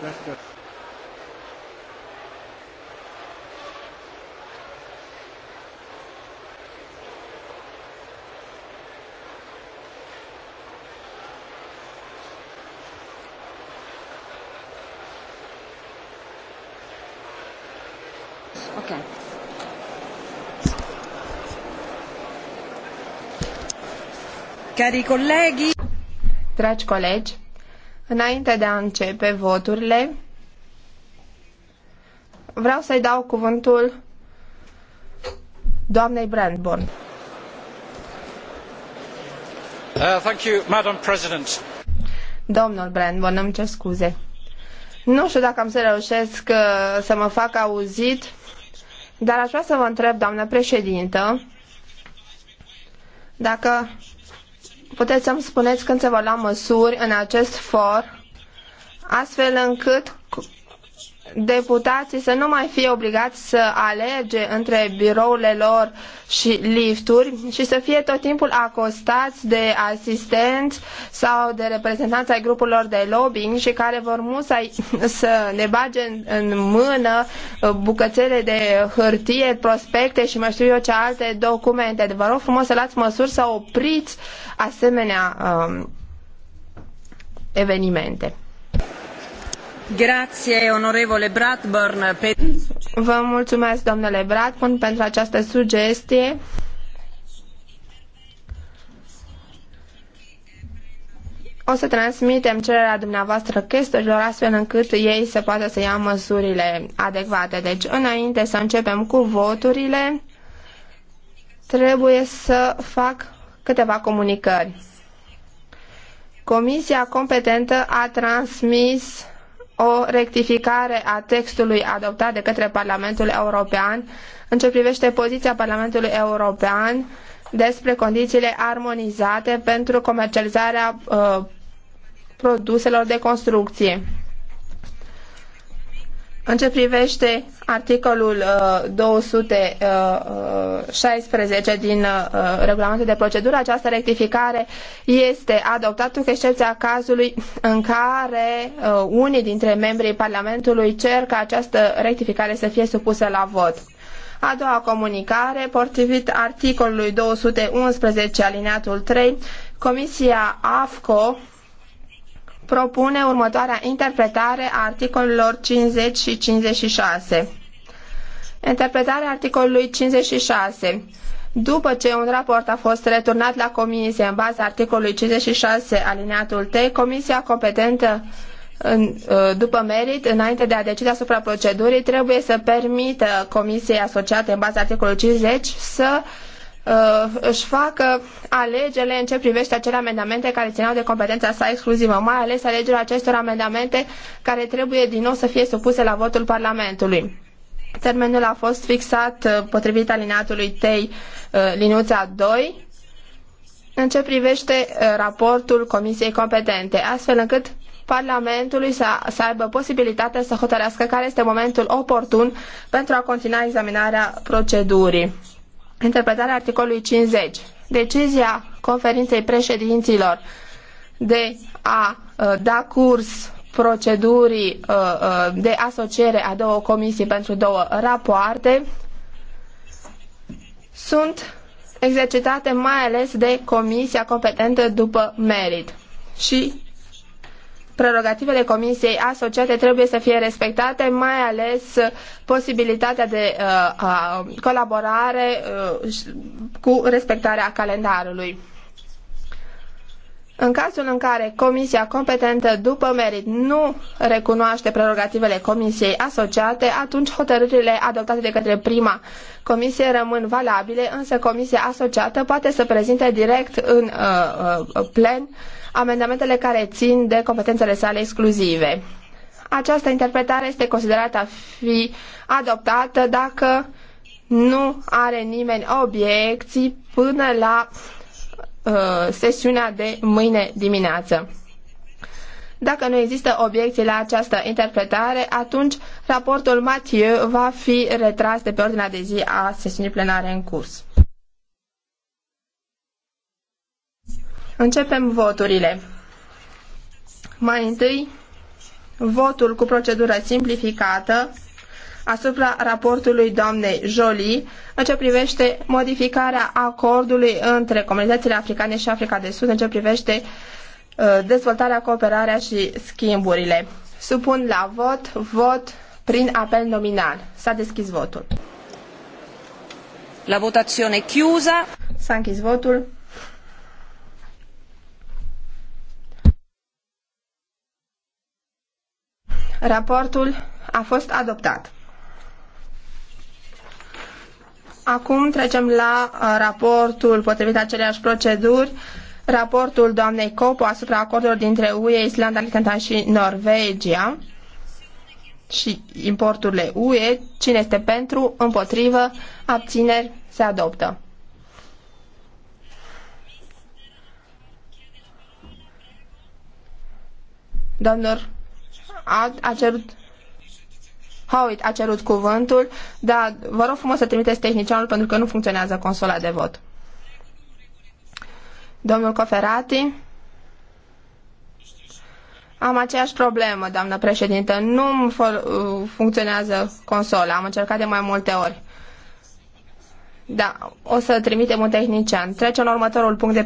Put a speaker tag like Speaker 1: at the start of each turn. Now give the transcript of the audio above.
Speaker 1: Gracias. Cari colleghi, dragi colegi, Înainte de a începe voturile, vreau să-i dau cuvântul doamnei Brandborn. Uh, thank you, Madam President. Domnul Brandborn, îmi cer scuze. Nu știu dacă am să reușesc uh, să mă fac auzit, dar aș vrea să vă întreb, doamnă președintă, dacă puteți să-mi spuneți când se vor lua măsuri în acest for, astfel încât deputații să nu mai fie obligați să alerge între birourile lor și lifturi și să fie tot timpul acostați de asistenți sau de reprezentanți ai grupurilor de lobbying și care vor musai să ne bage în, în mână bucățele de hârtie, prospecte și mai știu eu ce alte documente. vă rog frumos să luați măsuri să opriți asemenea um, evenimente. Bradburn. Vă mulțumesc, domnule Bradburn, pentru această sugestie. O să transmitem cererea dumneavoastră chestorilor astfel încât ei să poată să ia măsurile adecvate. Deci, înainte să începem cu voturile, trebuie să fac câteva comunicări. Comisia competentă a transmis o rectificare a textului adoptat de către Parlamentul European în ce privește poziția Parlamentului European despre condițiile armonizate pentru comercializarea uh, produselor de construcție. În ce privește articolul 216 uh, uh, uh, din regulamentul de procedură, această rectificare este adoptată cu excepția cazului în care unii dintre membrii Parlamentului cer ca această rectificare să fie supusă la vot. A doua comunicare, potrivit articolului 211 alineatul 3, Comisia AFCO propune următoarea interpretare a articolelor 50 și 56. Interpretarea articolului 56. După ce un raport a fost returnat la comisie în baza articolului 56 alineatul T, comisia competentă în, ă, după merit, înainte de a decide asupra procedurii, trebuie să permită comisiei asociate în baza articolului 50 să uh, își facă alegerile în ce privește acele amendamente care țineau de competența sa exclusivă, mai ales alegerea acestor amendamente care trebuie din nou să fie supuse la votul Parlamentului. Termenul a fost fixat uh, potrivit alineatului TEI uh, liniuța 2 în ce privește uh, raportul Comisiei competente, astfel încât Parlamentului să, să aibă posibilitatea să hotărească care este momentul oportun pentru a continua examinarea procedurii interpretarea articolului 50. Decizia conferinței președinților de a uh, da curs procedurii uh, uh, de asociere a două comisii pentru două rapoarte sunt exercitate mai ales de comisia competentă după merit. Și prerogativele comisiei asociate trebuie să fie respectate, mai ales uh, posibilitatea de uh, uh, colaborare uh, cu respectarea calendarului. În cazul în care comisia competentă după merit nu recunoaște prerogativele comisiei asociate, atunci hotărârile adoptate de către prima comisie rămân valabile, însă comisia asociată poate să prezinte direct în uh, uh, plen amendamentele care țin de competențele sale exclusive. Această interpretare este considerată a fi adoptată dacă nu are nimeni obiecții până la Uh, sesiunea de mâine dimineață. Dacă nu există obiecții la această interpretare, atunci raportul Mathieu va fi retras de pe ordinea de zi a sesiunii plenare în curs. Începem voturile. Mai întâi, votul cu procedură simplificată asupra raportului doamnei Jolie în ce privește modificarea acordului între comunitățile africane și Africa de Sud în ce privește uh, dezvoltarea, cooperarea și schimburile. Supun la vot, vot prin apel nominal. S-a deschis votul. La votazione chiusa. S-a închis votul. Raportul a fost adoptat. Acum trecem la uh, raportul potrivit aceleași proceduri, raportul doamnei Copo asupra acordurilor dintre UE, Islanda, Liechtenstein și Norvegia și importurile UE. Cine este pentru, împotrivă, abțineri, se adoptă. Domnul a, a cerut Howitt a cerut cuvântul, dar vă rog frumos să trimiteți tehnicianul pentru că nu funcționează consola de vot. Domnul Coferati. Am aceeași problemă, doamnă președintă. Nu uh, funcționează consola. Am încercat de mai multe ori. Da, o să trimitem un tehnician. Trecem la următorul punct de